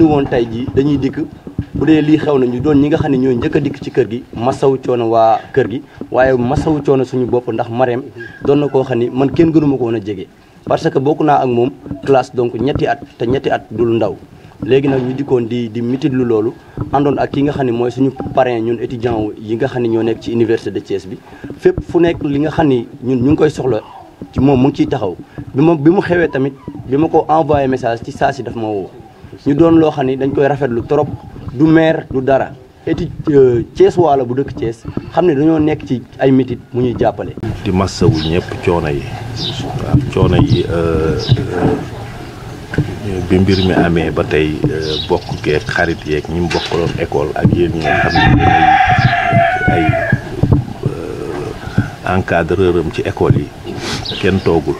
ñu woon tey jii dañuy dikk bu dee lii xew na ñu doon ñi nga xam ne ñoo njëkk dikk ci kër gi masawu coono waa kër gi waaye masawu coono suñu bopp ndax Marème doon na koo xam ni man kenn gënuma ko woon a jege parce que bokk naa ak moom classe donc ñetti at te ñetti at du ndaw léegi nag ñu dikkoon di di mitit lu loolu àndoon ak ki nga xam ne mooy suñu parrain ñun étudiant yi nga xam ne ñoo nekk ci université de Thiès bi fépp fu nekk li nga xam ni ñun ñu ngi koy soxla ci moom mu ngi ciy taxaw bi ma bi mu xewee tamit bi ma ko envoyé message ci saa si daf ma ñu doon loo xam ni dañ koy rafetlu trop du maire du dara eti cees euh, waala bu dëkk Thiès xam ne dañoo nekk ci ay métit mu ñuy jàppale. di massawu ñëpp coono yi waaw coono yi euh, euh, bi mbir mi amee ba tey bokk geeg xarit yeeg ñi mu bokkaloon école ak yéen ñi nga xam ne ay encadreur am ci école yi kenn toogul.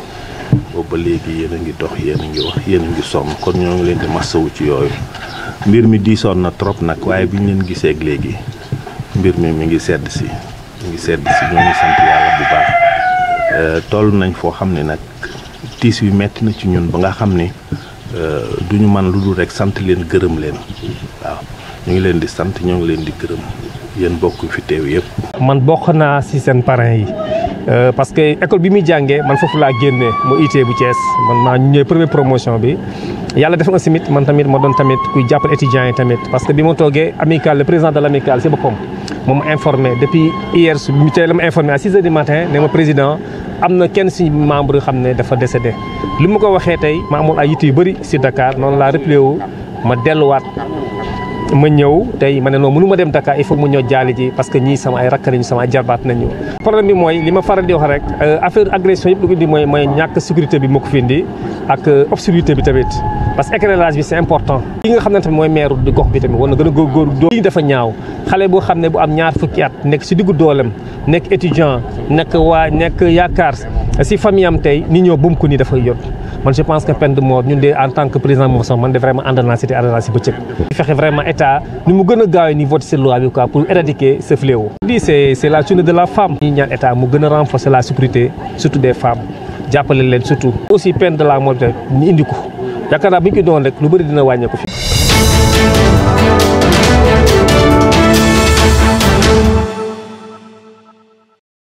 boobu ba léegi yéen a ngi dox yéen a ngi wax yéen a ngi sonn kon ñoo ngi leen di wu ci yooyu mbir mi diisoon na trop nag waaye bi ñu leen gisee ak léegi mbir mi mi ngi sedd si mu ngi sedd si ñoo ngi sant yàlla bu baax euh, toll nañ foo xam ne nag tiis yu metti na ci ñun ba nga xam ni euh, du ñu man lu dul rek sant leen gërëm leen waaw ñu ngi leen di sant ñoo ngi leen di gërëm yéen bokk fi teew yëpp. man bokk naa ci seen parrain yi. Euh, parce que école bi mi jangé man fofu la génnee mo IT bu Thiès man maa ñëw première promotion bi yalla def na simit man tamit mo don tamit kuy jàppale étudiant, tamit parce que bi ma amical le président de l'Amical, c'est si boppam ma informé depuis hier su bi tey informé à 6 h du matin né mo président amna kenn si membre xamné dafa décédé. limu ko waxé tay ma amoon ay yitte yu bëri si Dakar non la réplié wu ma wat ma ñëw tey ma ne noonu mënu ma dem Dakar il faut mu ñëw jaali ji parce que ñii sama ay rakk nañu sama ay jarbaat nañu problème bi mooy li ma faral di wax rek euh, affaire agression yëpp lu ko indi mooy mooy ñàkk sécurité bi moo ko fi indi ak euh, obscurité bi tamit parce que éclairage bi c'est important yi nga xam ne tamit mooy maire di gox bi tamit war na gën a góorgóor lii dafa ñaaw xale boo xam ne bu ñaar fukki at nekk si diggu doolam nekk étudiant nekk waa nekk yaakaar si famille am tey ni ñoo bum ko nii dafay yot man je pense que peine de mort ñun de en tant que président moom sax man de vraiment àndal naa si te àndal naa vraiment état ni mu gëna a ni vote si loi bi quoi pour éradiquer ce fléau. lii c'est c'est la tune de la femme. ñuy ñaan état mu gëna renforcer la sécurité surtout des femmes jàppale leen surtout. aussi peine de la mort ni indi ko yaakaar naa bu doon rek lu bëri dina ko fi.